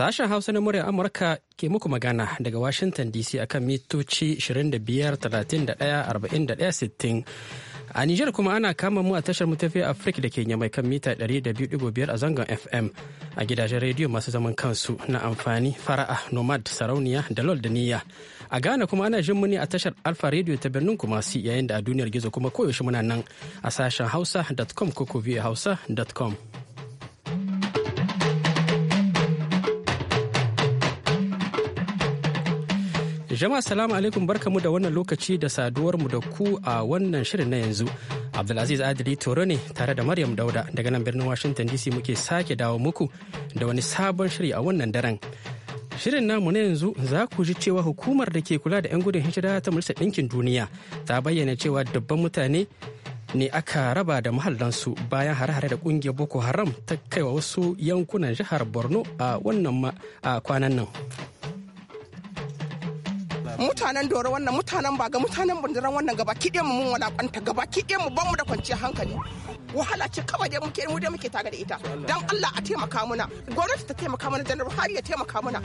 Sashen Hausa na muryar Amurka ke muku magana daga Washington DC akan mitoci 25-31-41-60. A Nijar kuma ana kama mu a tashar mutafiya Afirka da ke mai kan mita 200.5 a zangon FM a gidajen rediyo masu zaman kansu na amfani fara'a Nomad Sarauniya da Lol da Niyya. A Ghana kuma ana jin muni a tashar Alfa Radio ta birnin Kumasi yayin da a duniyar gizo kuma koyaushe muna nan a sashen hausa.com ko hausa.com. Jama'a salamu alaikum mu da wannan lokaci da saduwar mu da ku a wannan shirin na yanzu. Abdulaziz Adili Toro ne tare da Maryam Dauda daga nan birnin Washington DC muke sake dawo muku da wani sabon shiri a wannan daren. Shirin namu na yanzu za ku ji cewa hukumar da ke kula da 'yan gudun hijira ta Majalisar Ɗinkin Duniya ta bayyana cewa dubban mutane ne aka raba da mahallansu bayan hare-hare da kungiyar Boko Haram ta kaiwa wasu yankunan jihar Borno a wannan kwanan nan. mutanen doro wannan mutanen ga mutanen bunduran wannan gaba kiɗe mu mun walakanta gaba kiɗe mu ban mu da kwanciyar hankali wahala ce kawai da muke mu da muke tare da ita dan Allah a taimaka mana gwamnati ta taimaka mana janar Buhari ya taimaka mana.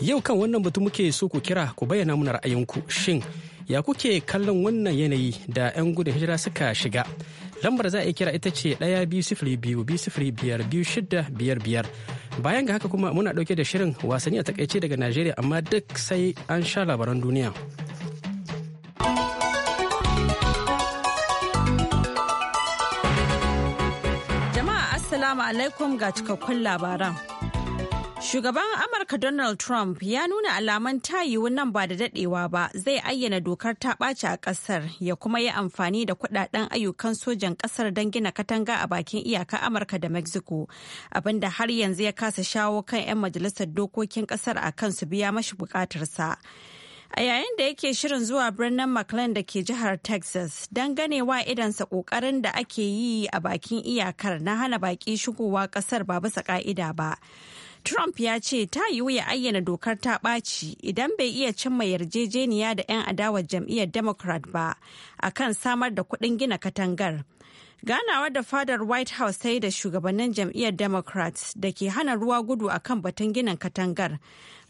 yau kan wannan batu muke so ku kira ku bayyana mana ra'ayinku shin ya kuke kallon wannan yanayi da 'yan gudun hijira suka shiga lambar za a kira ita ce ɗaya biyu sifili biyu biyu sifili biyar biyu shida biyar biyar bayan ga haka kuma muna ɗauke da shirin wasanni a takaice daga najeriya amma duk sai an sha labaran duniya jama'a assalamu alaikum ga cikakkun labaran Shugaban Amurka Donald Trump ya nuna alaman tayiwu nan ba da dadewa ba zai ayyana dokar ta ɓaci a ƙasar ya kuma yi amfani da kudaden ayyukan sojan ƙasar don gina katanga a bakin iyaka Amurka da Mexico abinda har yanzu ya kasa shawo kan 'yan majalisar dokokin ƙasar a kan su biya mashi sa. A yayin da yake shirin zuwa birnin McLean da ke jihar Texas don ganewa idansa ƙoƙarin da ake yi a bakin iyakar na hana baƙi shigowa ƙasar ba bisa ƙa'ida ba. Trump ya ce ta yiwu ya ayyana dokar ta ɓaci idan bai iya cimma yarjejeniya da 'yan adawar jam'iyyar Democrat ba a kan samar da kuɗin gina katangar. Ganawar da fadar White House ta yi da shugabannin jam'iyyar Democrats da ke hana ruwa gudu a kan batun ginin katangar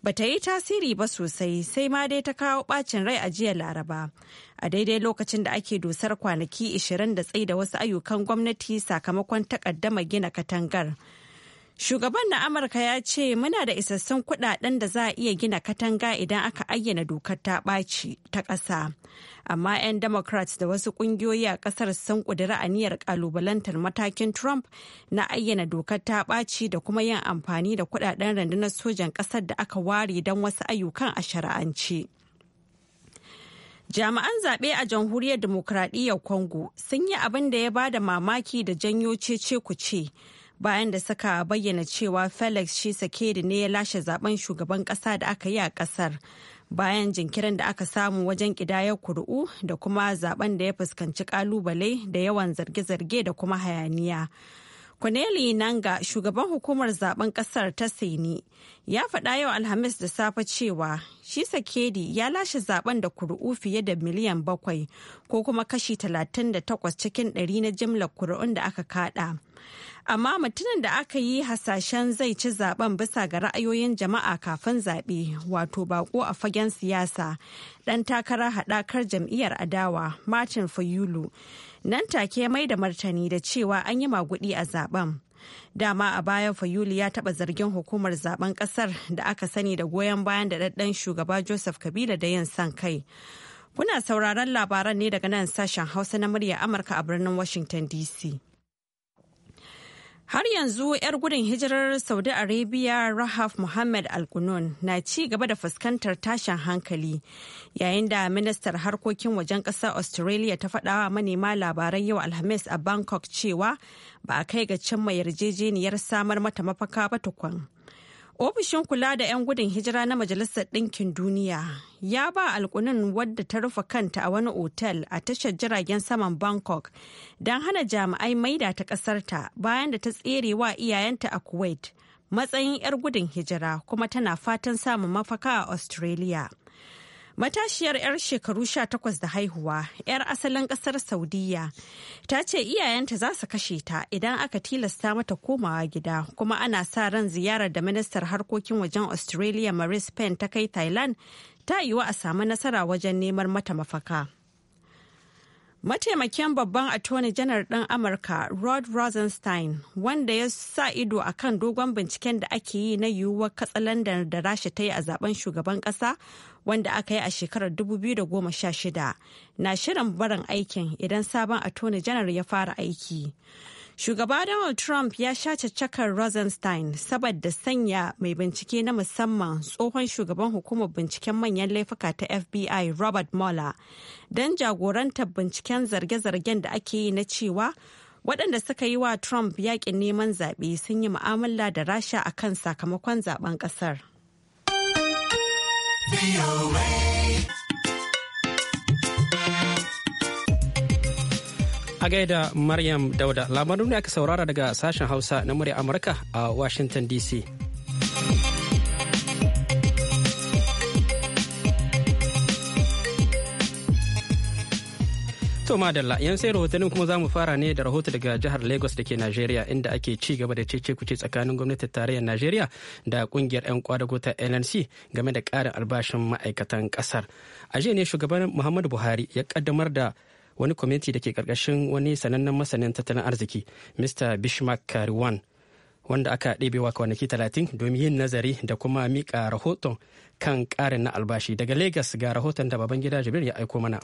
ba ta yi tasiri ba sosai sai ma dai ta kawo ɓacin rai a jiya Laraba. A daidai lokacin da ake dusar kwanaki 20 da da wasu ayyukan gwamnati sakamakon takaddama gina katangar. Shugaban na Amurka ya ce muna da isassun kudaden da za a iya gina katanga idan aka ayyana dokar ta ɓaci ta ƙasa. Amma 'yan Democrats da wasu ƙungiyoyi a ƙasar sun ƙudiri aniyar ƙalubalantar matakin Trump na ayyana dokar ta ɓaci da kuma yin amfani da kudaden rundunar sojan ƙasar da aka ware don wasu ayyukan a shari'ance. Jami'an zaɓe a jamhuriyar demokradiyyar Congo sun yi abin da ya bada mamaki da janyo cece ce. bayan da suka bayyana cewa felix sakedi ne ya lashe zaben shugaban kasa da aka yi a kasar bayan jinkirin da aka samu wajen kidayar kuri'u da kuma zaben da ya fuskanci kalubale da yawan zarge-zarge da kuma hayaniya Kwaneli Nanga shugaban hukumar zaben kasar ta saini ya faɗa yau Alhamis da safe cewa shi Sakedi ya lashe zaben da kuri'u fiye da miliyan bakwai ko kuma kashi 38 cikin ɗari na jimlar kuri'un da aka kada. amma mutumin da aka yi hasashen zai ci zaben bisa ga ra'ayoyin jama'a kafin zaɓe wato bako a fagen siyasa ɗan takarar haɗakar jam'iyyar adawa martin fayulu nan take mai da martani da cewa an yi maguɗi a zaben dama a bayan fayulu ya taɓa zargin hukumar zaben ƙasar da aka sani da goyon bayan da shugaba joseph kabila da yin san kai kuna sauraron labaran ne daga nan sashen hausa na murya amurka a birnin washington dc Har yanzu 'yar gudun hijirar Saudi Arabia Rahaf Mohammed Al-Gunun na ci gaba da fuskantar tashin hankali yayin da ministar harkokin wajen ƙasar Australia ta faɗawa manema labaran yau Alhamis a Bangkok cewa ba a kai ga cimma yarjejeniyar samar mata mafaka ba tukun. Ofishin kula da 'yan gudun hijira na Majalisar Ɗinkin Duniya ya ba alkunin wadda ta rufe kanta a wani otel a tashar jiragen saman Bangkok don hana jami'ai maida ta ƙasarta bayan da ta tsere wa iyayenta a Kuwait matsayin 'yar gudun hijira kuma tana fatan samun mafaka a Australia. Matashiyar 'yar shekaru sha takwas da haihuwa, 'yar asalin kasar Saudiya, ta ce iyayenta za su kashe ta idan aka tilasta mata komawa gida, kuma ana sa ran ziyarar da ministar harkokin wajen Australia Maris Penn ta kai Thailand ta yiwu a samu nasara wajen neman mata mafaka. Mataimakin babban attorney janar ɗin Amurka Rod Rosenstein wanda ya sa ido a kan dogon binciken da ake yi na yiwuwar katsalandar da rasha ta yi a zaben shugaban ƙasa wanda aka yi a shekarar 2016 na shirin barin aikin idan sabon attorney janar ya fara aiki. Shugaba Donald Trump ya sha caccakar Rosenstein saboda sanya mai bincike na musamman tsohon shugaban hukumar binciken manyan laifuka ta FBI Robert Mueller don jagorantar binciken zarge-zargen da ake yi na cewa waɗanda suka yi wa Trump yaƙin neman zaɓe sun yi mu'amala da rasha a kan sakamakon zaben ƙasar. A gaida Maryam Dauda, labarin ne aka saurara daga sashen Hausa na murya Amurka a Washington DC. To madalla yan sai rahotannin kuma za mu fara ne da rahoto daga jihar Lagos da ke Najeriya inda ake ci gaba da cece kuce tsakanin gwamnatin tarayyar Najeriya da kungiyar 'yan kwadago ta LNC game da ƙarin albashin ma'aikatan ƙasar. A ne shugaban Muhammadu Buhari ya kaddamar da wani kwamiti da ke karkashin wani sanannen masanin tattalin arziki mr bishmak kariwan wanda aka wa kwanaki 30 domin yin nazari da kuma mika rahoton kan karin na albashi daga lagos ga rahoton da baban gida jibir ya aiko mana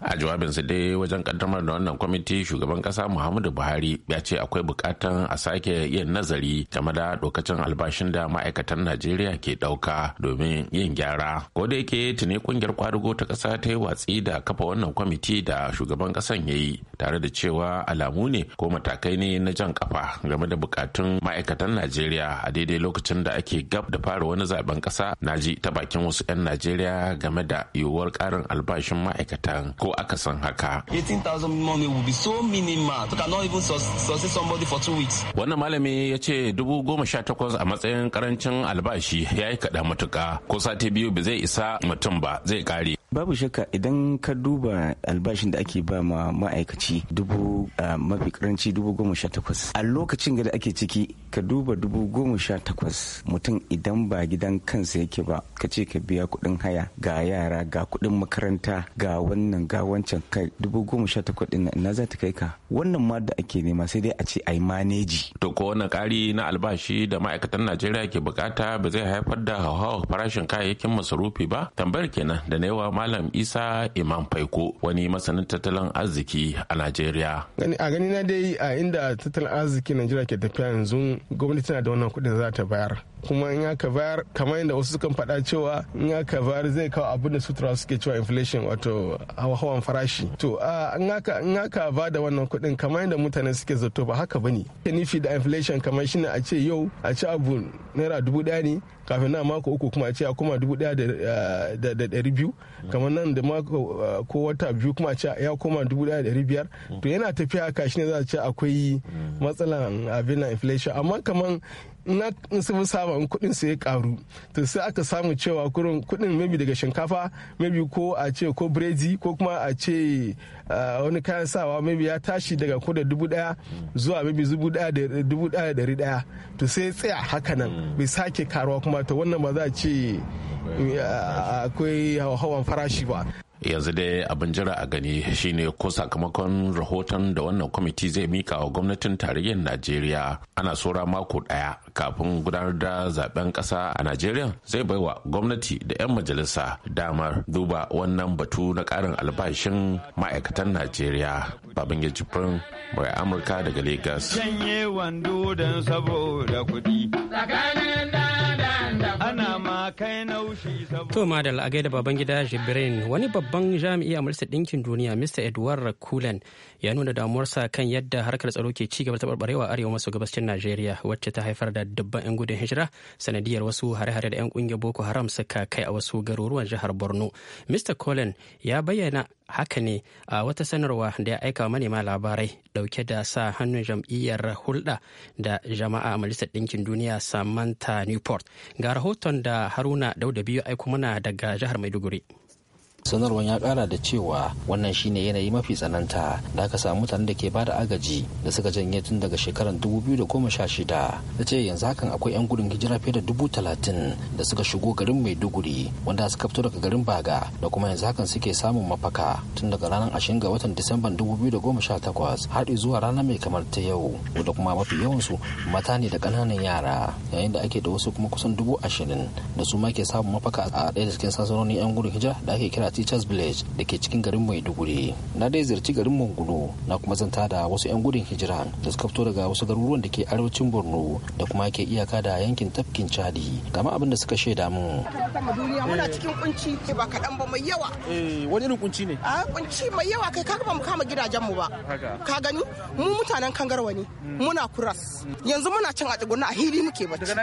a jawabinsa dai wajen kaddamar da wannan kwamiti shugaban kasa muhammadu buhari ya ce akwai bukatan a sake yin nazari game da dokacin albashin da ma'aikatan najeriya ke dauka domin yin gyara ko da yake tuni kungiyar kwadugo ta kasa ta yi watsi da kafa wannan kwamiti da shugaban kasan ya yi tare da cewa alamu ne ko matakai ne na jan kafa game da bukatun ma'aikatan najeriya a daidai lokacin da ake gab da fara wani zaben kasa naji ta bakin wasu 'yan najeriya game da yiwuwar karin albashin ma'aikatan ko aka san haka. 18,000 money will be so minimal. can not even sustain somebody for two weeks. Wannan malami ya ce dubu goma sha takwas a matsayin karancin albashi ya yi kaɗa matuka ko sati biyu ba zai isa mutum ba zai kare. babu shakka idan ka duba albashin da ake ba ma ma'aikaci dubu mafi karanci dubu goma sha takwas a lokacin da ake ciki ka duba dubu goma sha takwas mutum idan ba gidan kansa yake ba ka ce ka biya kuɗin haya ga yara ga kuɗin makaranta ga wannan ga wancan kai dubu goma sha takwas ɗin na za ta kai ka wannan ma da ake nema sai dai a ce a maneji. to ko wannan ƙari na albashi da ma'aikatan najeriya ke bukata ba zai haifar da hauhawar farashin kayayyakin masarufi ba tambayar kenan da na yawa malam isa imam faiko wani masanin tattalin arziki a najeriya. a gani na dai a inda tattalin arziki najeriya ke tafiya yanzu gwamnati tana da wannan kuɗin za ta bayar kuma in aka bayar kamar yadda wasu sukan faɗa cewa in aka bayar zai kawo abin da sutura suke cewa inflation wato hawan farashi to in aka in aka ba da wannan kuɗin kamar yadda mutane suke zato ba haka bane nufi da inflation kamar shine a ce yau a ci abu naira dubu ɗaya ne kafin na mako uku kuma a ce a koma dubu daya da eh, dari biyu kamar nan da mako eh, ko wata biyu kuma a ce ya koma dubu daya da dari biyar to yana tafiya ka shi ne za a ce akwai matsalan abin na inflation amma kamar na sun saba kudin su ya karu to sai aka samu cewa kurin kudin maybe daga shinkafa maybe ko a ce ko biredi ko kuma a ce eh, wani kayan sawa maybe ya tashi daga ko da dubu daya zuwa maybe dubu daya da dari daya to sai tsaya haka nan bai sake karuwa kuma kamata wannan ba za a ce akwai hawan farashi ba yanzu dai abin jira a gani shine ko sakamakon rahoton da wannan kwamiti zai mika wa gwamnatin tarayyar najeriya ana sora mako daya kafin gudanar da zaben kasa a najeriya zai baiwa gwamnati da 'yan majalisa damar duba wannan batu na karin albashin ma'aikatan najeriya babin ya mai amurka daga lagos To da a gaida baban gida Jibrin wani babban jami'i a Majalisar Dinkin Duniya Mr. Edward Kulen, ya nuna damuwarsa kan yadda harkar tsaro ke ci gaba da tabarbarewa arewa maso gabashin Najeriya wacce ta haifar da dubban 'yan gudun hijira sanadiyar wasu hare-hare da 'yan ƙungiyar Boko Haram suka kai a wasu garuruwan jihar Borno. Mr. Kulen ya bayyana haka ne a wata sanarwa da ya aika manema labarai dauke da sa hannun jam'iyyar hulɗa da jama'a a majalisar ɗinkin duniya samantha newport ga rahoton da haruna dauda biyu aiko mana daga jihar maiduguri sanarwar ya kara da cewa wannan shine yanayi mafi tsananta da aka samu mutanen da ke bada agaji da suka janye tun daga shekarar 2016 da ce yanzu hakan akwai 'yan gudun hijira fiye da dubu talatin da suka shigo garin maiduguri wanda suka fito daga garin baga da kuma yanzu hakan suke samun mafaka tun daga ranar ashirin ga watan disamban 2018 har zuwa rana mai kamar ta yau da kuma mafi yawansu mata ne da ƙananan yara yayin da ake da wasu kuma kusan dubu ashirin da su ma ke samun mafaka a ɗaya da cikin sansanonin 'yan gudun hijira da ake kira teachers village da ke cikin garin maiduguri na dai ziyarci garin manguno na kuma zanta da wasu 'yan gudun hijira da suka fito daga wasu garuruwan da ke arewacin borno da kuma ke iyaka da yankin tafkin chadi kama abin da suka shaida mu muna cikin kunci ba kaɗan ba mai yawa eh, wani irin kunci ne Ah kunci mai yawa kai kaga ba mu kama gidajenmu ba ka gani mu mutanen kangarwa ne hmm. muna kuras hmm. yanzu muna cin a tsuguna a hili muke bacci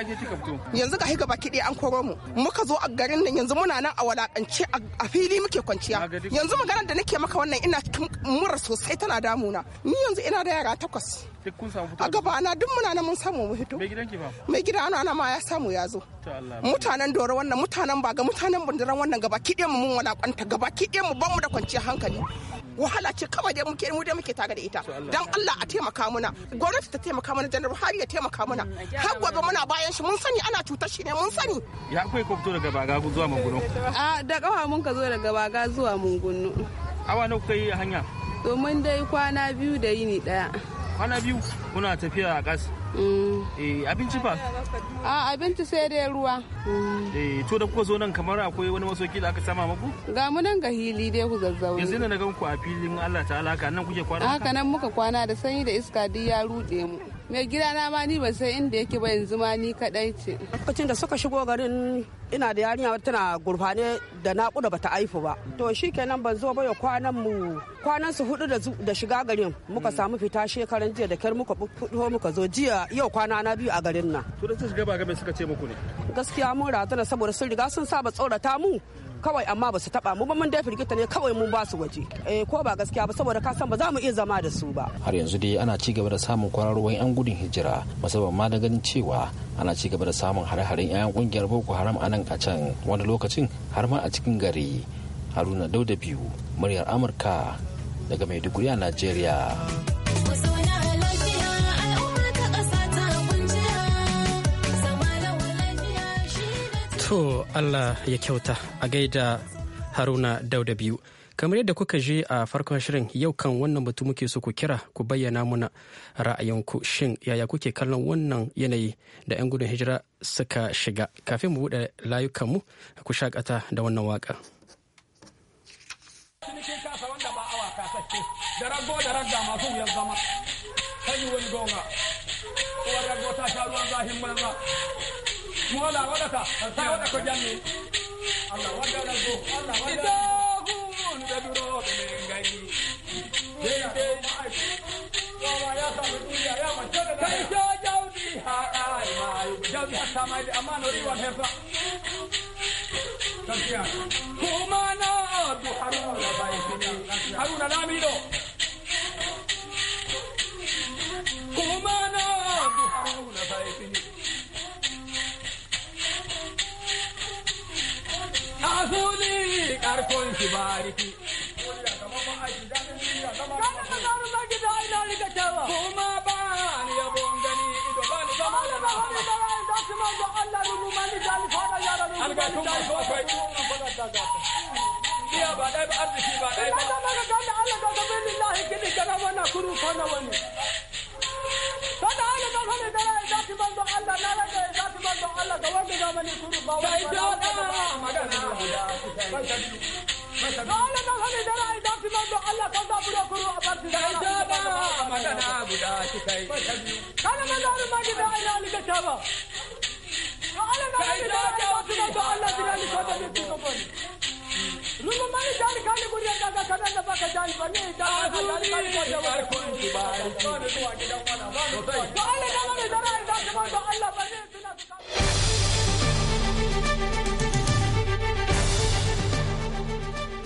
yanzu ga higa baki ɗaya an koro mu muka zo a garin nan yanzu muna nan a walakance a fili muke kwanciya yanzu maganar da nake maka wannan ina cikin mura sosai tana damuna ni yanzu ina da yara takwas a gaba na duk muna nan mun samu mu hito mai gida ana ana ma ya samu ya zo mutanen doro wannan mutanen ga mutanen bindiran wannan gaba kiɗe mu mun wala kwanta gaba kiɗe mu ban mu da kwanciyar hankali wahala ce kawai da muke mu da muke tare da ita dan Allah a taimaka muna gwamnati ta taimaka mana janar Buhari ya taimaka muna mm, har gobe muna bayan shi mun sani ana cutar shi ne mun sani ya akwai ko fito daga baga zuwa munguno a da kawai mun ka zo daga baga zuwa munguno awa nawa kai hanya domin dai kwana biyu da yini daya kwana biyu muna tafiya a gas mm. eh, abinci ba? a abinci sai dai ruwa mm. eh, to da kuka zo nan kamar akwai wani masoki da aka sama muku ga mu nan ga hili dai ku zazzau. yanzu na ga ku a filin Allah ta'ala haka nan kuke kwana haka nan muka kwana da sanyi da iska duk ya ruɗe mu mai gidana ma ni ba sai inda yake ba yanzu ma ni kadai ce lokacin da suka shigo garin ina da yarinya tana gurfane da nakuda bata aifu ba to shikenan ban zo ba ya kwanan mu kwanan su hudu da shiga garin muka mm. samu fita shekaran jiya da kyar muka fito muka zo jiya yau kwana na biyu a garin nan to da shiga ba ga me suka ce muku ne gaskiya mun razana saboda sun riga sun saba tsorata mu kawai amma ba su taba mu ba mun dai firgita ne kawai mun ba su waje eh ko ba gaskiya ba saboda ka san ba za mu iya zama da su ba har yanzu dai ana ci gaba da samun kwararowar yan gudun hijira musamman ma da ganin cewa ana ci gaba da samun hare-haren 'ya'yan kungiyar boko haram a nan a can wani lokacin har ma a cikin gari haruna dauda biyu muryar amurka daga maiduguri a najeriya To Allah ya kyauta a gaida Haruna Dauda biyu. Kamar yadda kuka je a farkon shirin yau kan wannan batu muke so ku kira ku bayyana muna ra'ayinku shin yaya kuke kallon wannan yanayi da 'yan gudun hijira suka shiga kafin mu buɗe layukanmu ku shakata da wannan waka. da rago da zama, wani gonga, sha ruwan zahin Kumana, waɗata du haruna baytini haruna Thank you. ba ba fada fada fada قال نحن جرى إذا الله تضبر قروا أبرد جابا مدنا بداتك قال مدار ما جدا إلى لكتابا قال نحن جرى إذا الله جرى لكتابا Rumu mani jani kani kuriya daga kada da baka jani ba ne da ka jani mani ko da wani kun ji ba da tsoro da wani dan wani ba da Allah da mana da rai da kuma da Allah ba ne suna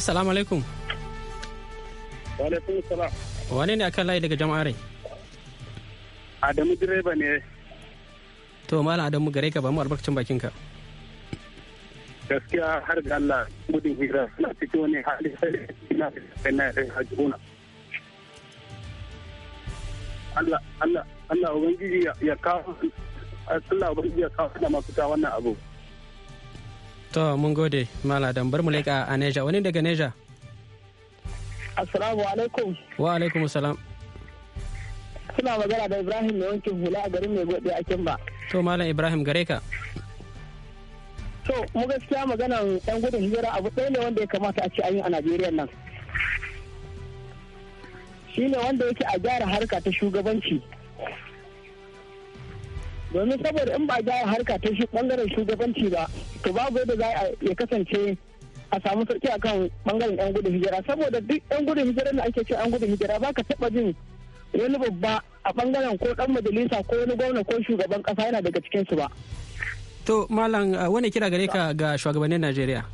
assalamu alaikum wa alaikum salam wane ne akan layi daga jama'a rai? adamu direba ne to malam adamu gare ka ba mu albarkacin bakin ka gaskiya har ga Allah gudun hijira suna cikin wani hali sai ina da na hajjuna Allah Allah Allah ubangiji ya kawo Allah ubangiji ya kawo da mafita wannan abu to mun gode maladan bar mu leka a neja wani daga neja assalamu alaikum wa alaikum salam suna magana da ibrahim mai wankin hula a garin mai gode a kimba to malam ibrahim gare ka to mu gaskiya magana dan gudun hijira abu ɗaya ne wanda ya kamata a ce an yi a najeriya nan shine wanda yake a gyara harka ta shugabanci domin saboda in ba a gyara harka ta shi bangaren shugabanci ba to babu yadda za a ya kasance a samu sarki akan bangaren yan gudun hijira saboda duk yan gudun hijira da ake ce yan gudun hijira ba ka taba jin wani babba a bangaren ko dan majalisa ko wani gwamna ko shugaban kasa yana daga cikin su ba to malam uh, wani kira gare ka ga shugabannin najeriya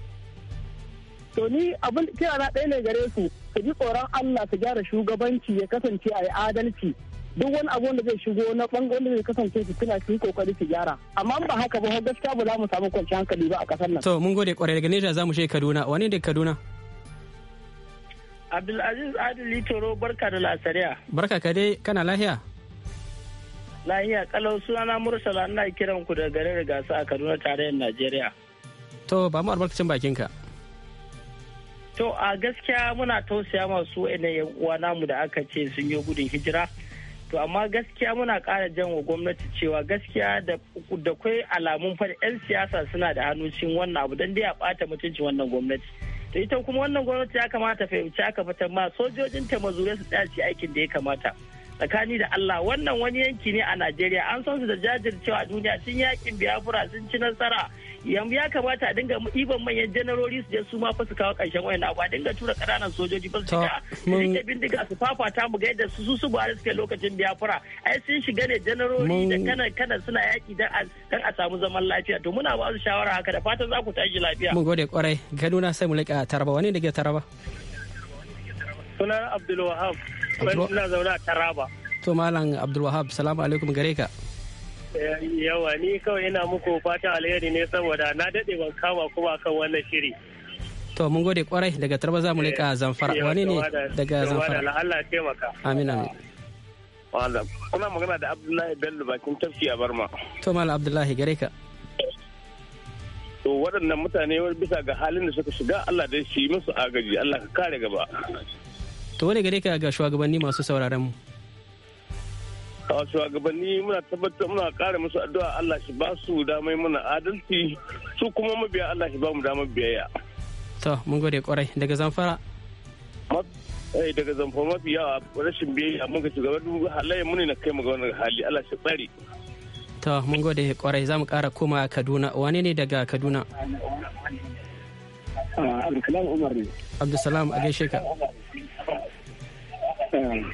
to ni abin kira na ɗaya ne gare su ka ji tsoron allah su gyara shugabanci ya kasance a yi adalci duk wani abu wanda zai shigo na bangon da zai kasance su tuna su yi kokari su gyara amma ba haka ba gaskiya ba za mu samu kwanciyar hankali ba a kasar nan to mun gode kwarai daga nesa za mu shi Kaduna wani da Kaduna Abdulaziz Adili Toro barka da lasariya barka ka dai kana lahiya lahiya kalau sunana Mursala ina kiran ku daga garin Gasa a Kaduna tarayyar Najeriya to ba mu albarkacin bakinka To a gaskiya muna tausaya masu yanayin uwa namu da aka ce sun yi gudun hijira to amma gaskiya muna kara jan wa gwamnati cewa gaskiya da kwai alamun fa 'yan siyasa suna da hannu cikin wannan abu don dai a bata mutuncin wannan gwamnati to ita kuma wannan gwamnati ya kamata fahimci aka fitar ma sojojin ta mazurai su tsaya aikin da ya kamata tsakani da Allah wannan wani yanki ne a Najeriya an san su da jajircewa a duniya sun yakin biyafura sun ci nasara yanzu ya kamata a dinga ibon manyan janarori su je su ma fa su kawo karshen wayan abu a dinga tura ƙananan sojoji ba su shiga su rike bindiga su fafata mu ga yadda su su buhari suke lokacin biyafura ai sun shiga ne janarori da kanan kanan suna yaƙi dan a samu zaman lafiya to muna ba su shawara haka da fatan za ku tashi lafiya. mun gode kwarai kaduna sai mu leƙa taraba wani da ke taraba. sunan abdulwahab wani suna zaune a taraba. to malam abdulwahab salamu alaikum gare ka. yawa ni kawai ina muku fatan alheri ne saboda na daɗe ban kama kuma kan wannan shiri to mun gode kwarai daga tarba za mu rika eh, zamfara wani ne daga zamfara Allah taimaka amin amin kuna magana da Abdullahi Bello bakin tafki a Barma to malam Abdullahi gare ka to waɗannan mutane bisa ga halin da suka shiga Allah dai shi musu agaji Allah ka kare gaba to wani gare ka ga shugabanni masu sauraron mu a shugabanni muna tabbatar muna kara musu addu'a Allah shi ba su damai muna adalci su kuma mabiya Allah shi ba mu damar biyayya to mun gode kwarai daga zamfara eh daga zamfara mafi yawa rashin biyayya mun ga shugaban halayen mu ne na kai mu ga wannan hali Allah shi tsari. to mun gode kwarai za mu kara koma Kaduna wane ne daga Kaduna ah, Abdulsalam Umar ne Abdulsalam a gaishe ka eh,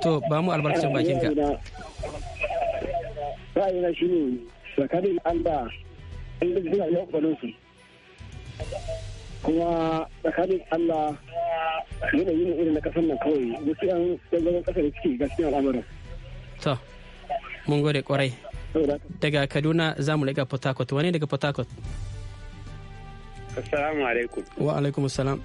to ba mu albarkacin bakin ka ra'ayina shi ne tsakanin allah inda suna yau kwanan su kuma tsakanin allah yana yi irin na kasar nan kawai wasu yan yanzu kasar da suke gaskiya al'amuran to mun gode kwarai daga kaduna za mu daga port harcourt wani daga port harcourt assalamu alaikum wa alaikum assalam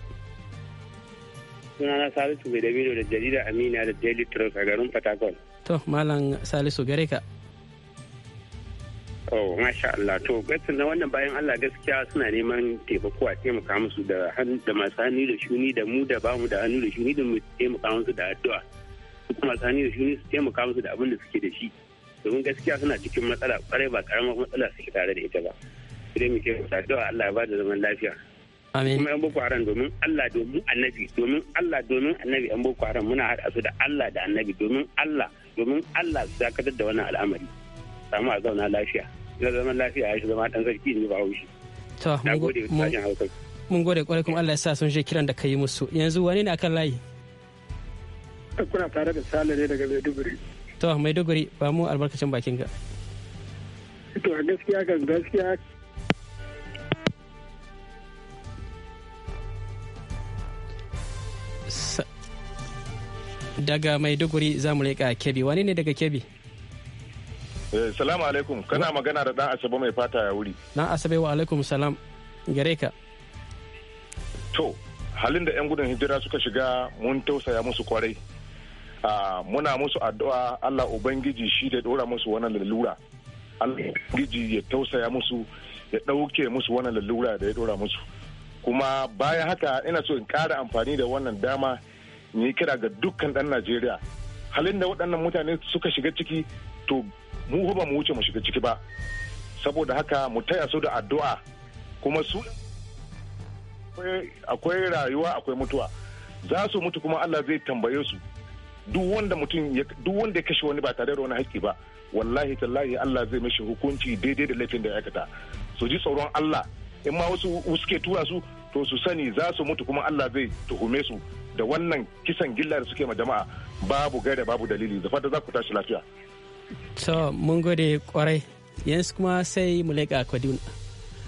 sunana salisu mai dabino da jarida amina da daily trust a garin patagon. to malam salisu gare ka oh masha Allah to gaskiya wannan bayan Allah gaskiya suna neman taimako a taimaka musu da da masu hannu da shuni da mu da bamu da hannu da shuni da mu taimaka musu da addu'a kuma masu hannu da shuni su taimaka musu da abin da suke da shi domin gaskiya suna cikin matsala kwarai ba karamar matsala suke tare da ita ba sai mu taimaka addu'a Allah ya ba da zaman lafiya Amin. Kuma yan boko haram domin Allah domin annabi domin Allah domin annabi yan boko haram muna haɗa su da Allah da annabi domin Allah domin Allah su dakatar da wannan al'amari. Samu a zauna lafiya. Ina zaman lafiya ya shi zama ɗan sarki ne ba haushi. To, mun gode kwarai kuma Allah ya sa sun je kiran da ka yi musu. Yanzu wani ne akan layi? Kuna tare da Sale ne daga Maiduguri. To, Maiduguri ba mu albarkacin bakin ka. To, gaskiya gaskiya daga maiduguri za mu leƙa kebi wani ne daga kebi eh, salamu alaikum kana magana da dan asabe mai fata ya wuri dan asabe wa alaikum salam gare ka to halin da 'yan gudun hijira suka shiga mun tausaya musu kwarai ah, muna musu addu'a allah ubangiji shi da dora musu wannan lalura allah ubangiji ya tausaya musu ya ɗauke musu wannan lalura da ya dora musu kuma bayan haka ina so in ƙara amfani da wannan dama ni kira ga dukkan ɗan najeriya halin da waɗannan mutane suka shiga ciki to mu ba mu wuce mu shiga ciki ba saboda haka mu taya su da addu'a kuma su akwai rayuwa akwai mutuwa za su mutu kuma Allah zai tambaye su duk wanda mutum duk wanda ya kashe wani ba tare da wani haƙƙi ba wallahi tallahi Allah zai mishi hukunci daidai da laifin da ya aikata su ji tsoron Allah in ma wasu suke tura su to su sani za su mutu kuma Allah zai tuhume su da wannan kisan gilla da suke ma jama'a babu gaira babu dalili da fata za ku tashi lafiya. To mun gode kwarai yanzu kuma sai mu leƙa Kaduna.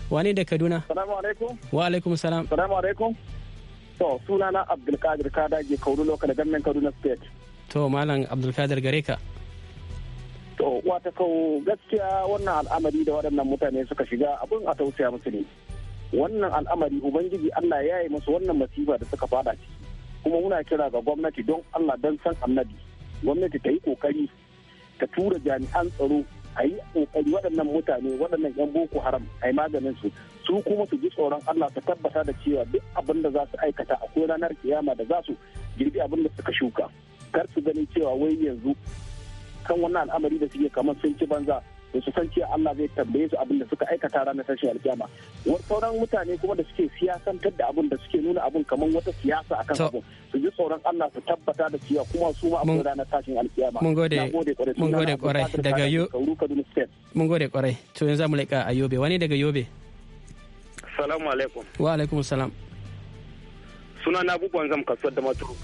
Wani da Kaduna? Salamu alaikum. Wa alaikum salam. Salamu alaikum. To sunana Abdulkadir Kadage Kauru da Gamen Kaduna State. To Malam Abdulkadir gare ka. To wata kau gaskiya wannan al'amari da waɗannan mutane suka shiga abin a tausaya musu ne. Wannan al'amari Ubangiji Allah ya yi musu wannan masifa da suka fada ciki. kuma muna kira ga gwamnati don allah don san annabi gwamnati ta yi kokari ta tura jami'an tsaro a yi kokari waɗannan mutane waɗannan 'yan boko haram a yi maganin su su kuma su ji tsoron allah ta tabbata da cewa duk abin da za su aikata akwai ranar kiyama da za su girbi abin da suka shuka kar su gani cewa wai yanzu kan wannan al'amari da suke kamar sun ci banza da su san cewa Allah zai tambaye su abin da suka aikata ranar tashin alkiyama wani sauran mutane kuma da suke siyasantar da abin da suke nuna abin kamar wata siyasa akan abin su ji tsoron Allah su tabbata da cewa kuma su ma abin ranar tashin alkiyama mun gode mun gode kwarai daga yo mun gode kwarai to yanzu mu laika a yobe wani daga yobe assalamu alaikum wa alaikum salam suna na buban zam kasuwar da maturu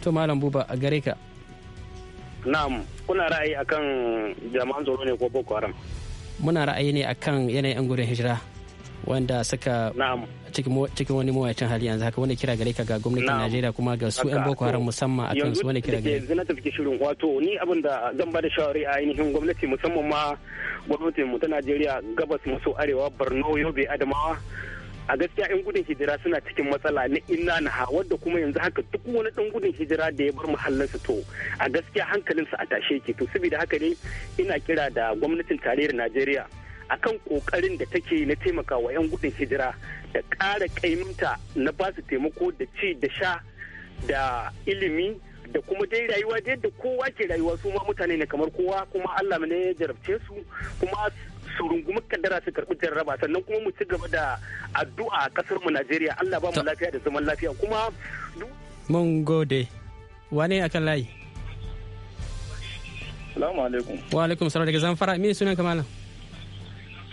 to malam buba a gare ka Na'am, kuna ra'ayi akan jami'an tsaro ne ko Boko Haram? Muna ra'ayi ne akan yanayin 'yan gudun hijira wanda suka cikin wani mawacin hali yanzu haka wani kira gare ka ga gwamnatin Najeriya kuma ga su 'yan Boko Haram musamman a su wani kira gare. Yanzu na tafi shirin wato ni abin da zan ba da shawari a ainihin gwamnati musamman ma gwamnatin mu ta Najeriya gabas maso arewa Borno Yobe Adamawa a gaskiya 'yan gudun hijira suna cikin matsala na inna na ha wadda kuma yanzu haka duk wani dan gudun hijira da ya bar muhallinsa to a gaskiya hankalinsa a tashe ke to saboda haka ne ina kira da gwamnatin tarayyar najeriya akan kokarin da take na taimaka wa 'yan gudun hijira da ƙara kaiminta na basu taimako da ci da sha da ilimi da kuma dai rayuwa dai da kowa ke rayuwa su ma mutane ne kamar kowa kuma Allah ne ya jarabce su kuma su rungumi kaddara su karɓi jarraba sannan kuma mu ci gaba da addu'a a kasar mu Najeriya Allah ba mu lafiya da zaman lafiya kuma mun gode wane akan layi Salamu alaikum. Wa alaikum salam daga Zamfara. Me sunan ka malam?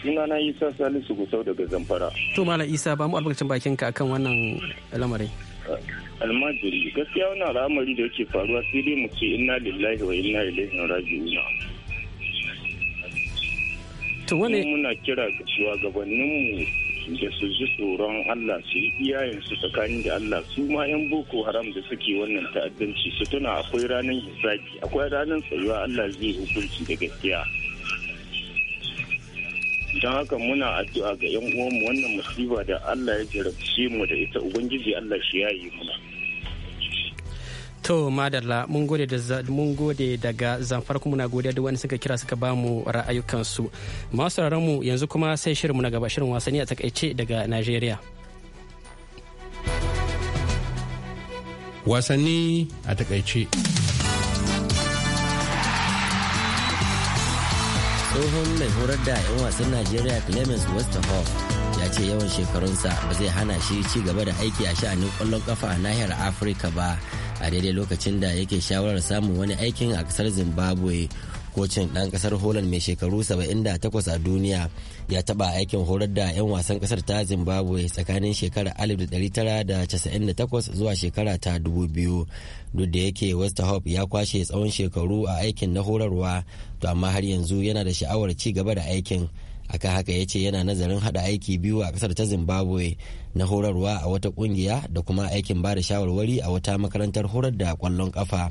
Suna na Isa Salisu Gusau daga Zamfara. To malam Isa ba mu albarkacin bakin ka akan wannan lamarin. Eh, almajiri gaskiya wani al'amari da yake faruwa sai dai mu ce inna lillahi wa inna ilaihi raji'un to wani muna kira ga mu da su ji tsoron Allah su yi iyayensu tsakanin da Allah su ma 'yan boko haram da suke wannan ta'addanci su tuna akwai ranar hisabi akwai ranar tsayuwa Allah zai hukunci da gaskiya don haka muna addu'a ga 'yan uwanmu wannan musiba da Allah ya jarabce mu da ita ubangiji Allah shi ya yi muna To madalla mun gode da mun gode daga zamfar kuma na godiya da wani suka kira suka ba mu ra'ayukansu. Masu mu yanzu kuma sai shirinmu na gaba shirin wasanni a takaice daga Najeriya. Wasanni a takaice. Tsohon mai horar da 'yan wasan Najeriya Clemens Westerhoff ya ce yawan shekarunsa ba zai hana shi ci gaba da aiki a sha'anin kwallon kafa a nahiyar Afirka ba. a daidai lokacin da yake shawarar samun wani aikin a kasar zimbabwe kocin ɗan kasar holland mai shekaru 78 a duniya ya taɓa aikin horar da 'yan wasan kasar ta zimbabwe tsakanin shekarar 1998 zuwa shekara ta 2000 duk da yake westerhoff ya kwashe tsawon shekaru a aikin na horarwa to amma har yanzu yana da sha'awar ci gaba da aikin akan haka ya ce yana nazarin hada aiki biyu a kasar ta zimbabwe na horarwa a wata kungiya da kuma aikin ba da shawarwari a wata makarantar horar da kwallon kafa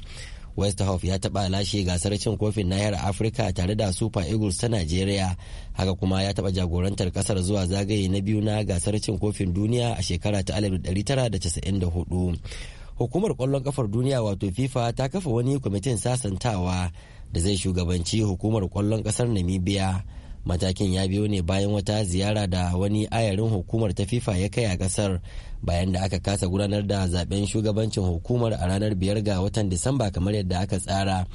westhoff ya taɓa lashe gasar cin kofin nahiyar afirka tare da super eagles ta nigeria haka kuma ya taɓa jagorantar kasar zuwa zagaye na biyu na gasar cin kofin duniya a shekara ta 1994 hukumar kwallon kafar duniya wato fifa ta kafa wani kwamitin sasantawa da zai shugabanci hukumar kwallon kasar namibia matakin ya biyo ne bayan wata ziyara da wani ayarin hukumar ta fifa ya kai a kasar bayan da aka kasa gudanar da zaben shugabancin hukumar a ranar biyar ga watan disamba kamar yadda aka tsara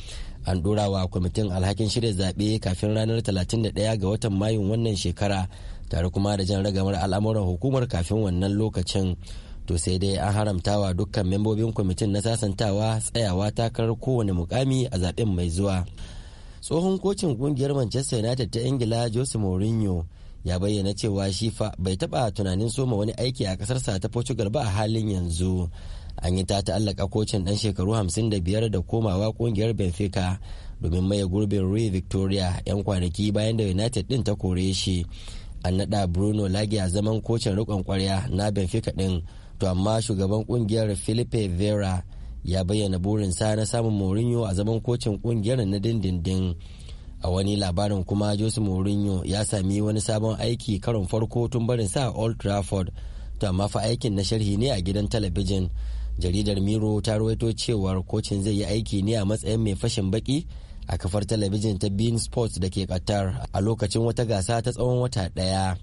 an dora wa kwamitin alhakin shirya zaɓe kafin ranar 31 ga watan mayun wannan shekara tare kuma da jan ragamar al'amuran hukumar kafin wannan lokacin to sai dai an haramtawa dukkan membobin kwamitin na sasantawa tsayawa takarar kowane mukami a zaben mai zuwa tsohon kocin kungiyar manchester united ta ingila jose mourinho ya bayyana cewa shi fa bai taba tunanin soma wani aiki a kasarsa ta portugal ba a halin yanzu an yi ta ta'allaka kocin dan shekaru 55 da komawa kungiyar benfica domin maye gurbin rui victoria 'yan kwanaki bayan da united din ta kore shi an nada bruno lagia zaman kocin rikon kwarya na benfica din to amma shugaban kungiyar philippe vera ya bayyana burinsa na samun Mourinho a zaman kocin kungiyar na dindindin. A wani labarin kuma Jose Mourinho ya sami wani sabon aiki karon farko tun barin sa Old Trafford, to amma fa aikin na sharhi ne a gidan talabijin. Jaridar Miro ta ruwaito cewar kocin zai yi aiki ne a matsayin mai fashin baki a kafar talabijin ta Bean Sports da ke Qatar a lokacin wata gasa ta tsawon wata daya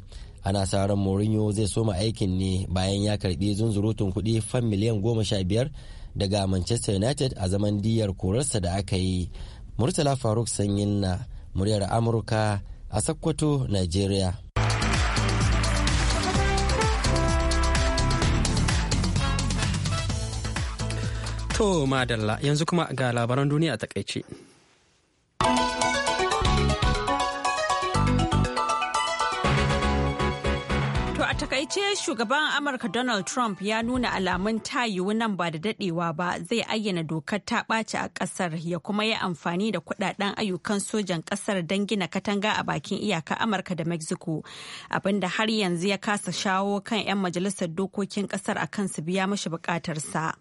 ana sa ran Mourinho zai soma aikin ne bayan ya karbi zunzurutun kuɗi fan miliyan goma sha biyar daga manchester united a zaman diyar korarsa da aka yi murtala faruk sanyin na muryar amurka a sakkwato nigeria to madalla yanzu kuma ga labaran duniya a takaice ce shugaban Amurka Donald Trump ya nuna alamun tayiwu nan ba da dadewa ba zai ayyana dokar ta ɓaci a ƙasar ya kuma yi amfani da kudaden ayyukan sojan ƙasar don gina katanga a bakin iyaka Amurka da Mexico abinda har yanzu ya kasa shawo kan 'yan majalisar dokokin ƙasar a kansu su biya mashi buƙatarsa.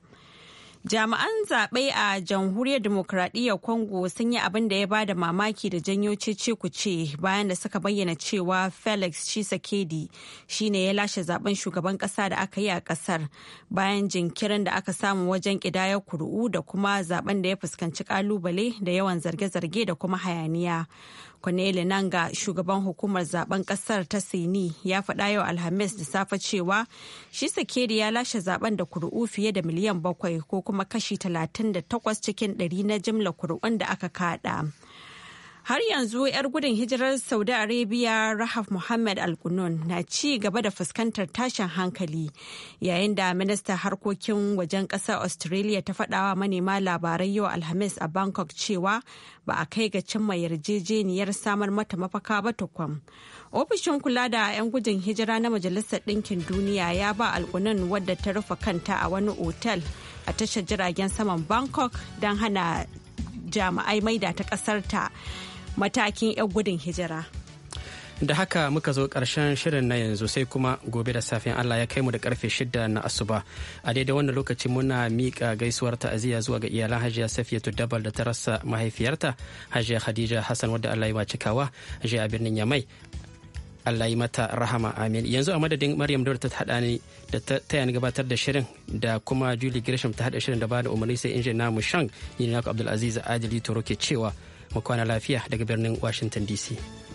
Jami'an zaɓe a jamhuriyar demokradiyyar Congo sun yi abin da ya ba da mamaki da janyo cece ce bayan da suka bayyana cewa Felix shisakedi shine ya lashe zaben shugaban ƙasa da aka yi a ƙasar bayan jinkirin da aka samu wajen ƙidayar kuru'u da kuma zaben da ya fuskanci ƙalubale da yawan zarge-zarge da kuma hayaniya. Cornelia Nanga shugaban hukumar zaben kasar ta Sini ya faɗa yau Alhamis da safe cewa shi sakeri ya lashe zaben da kuru'u fiye da miliyan bakwai ko kuma kashi 38 cikin 100 na jimla kur'un da aka kada. Har yanzu 'yar gudun hijirar Saudi Arabia Rahaf mohammed al na ci gaba da fuskantar tashin hankali yayin da minista harkokin wajen ƙasar Australia ta faɗawa manema labarai yau Alhamis a Bangkok cewa ba a kai ga cimma yarjejeniyar samar mata mafaka ba tukwam. Ofishin kula da 'yan gudun hijira na Majalisar Ɗinkin Duniya ya ba al wadda ta rufe kanta a wani otal. a tashar jiragen saman bangkok don hana jami'ai maida ta ƙasarta matakin 'yan gudun hijira da haka muka zo karshen shirin na yanzu sai kuma gobe da safin Allah ya kai mu da karfe shida na asuba a daidai wannan lokaci muna miƙa gaisuwar ta'aziyya zuwa ga iyalan hajiya safiyatu dabal da ta rasa mahaifiyarta hajiya khadija hassan wadda Allah ya cikawa hajiya a birnin yamai Allah yi mata rahama amin yanzu a madadin Maryam dauda ta hada ni da ta yana ni gabatar da shirin da kuma Julie Gresham ta hada shirin da bada umarni sai injin namu shan ni na naka Abdulaziz Adili Toro ke cewa mu kwana lafiya daga birnin Washington DC.